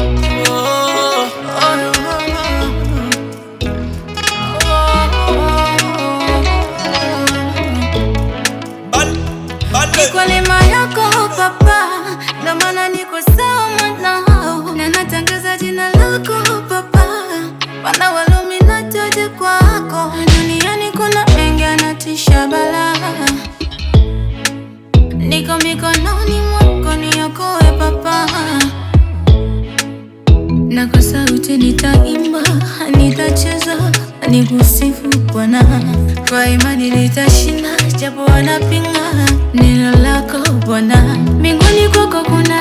you. kucheza ni kusifu Bwana kwa imani nitashinda, japo wanapinga neno lako Bwana. Mbinguni kwako kuna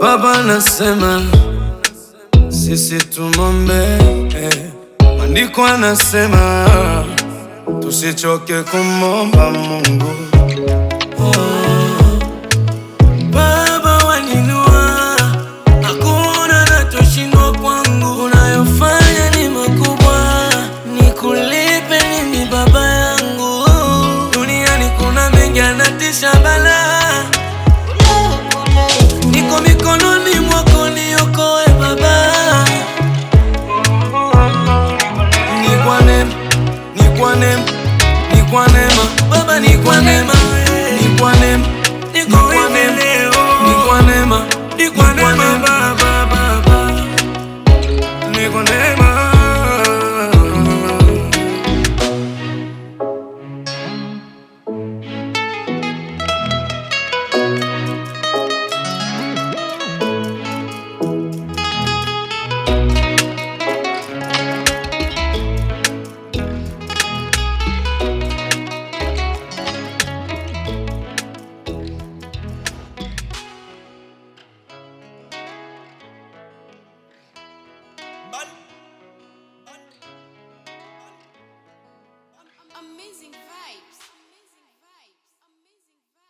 Baba nasema sisi tumombe eh. anasema tusichoke kumomba Mungu kwa neema, Baba ni kwa neema, ni neema, ni Baba, Baba, ni neema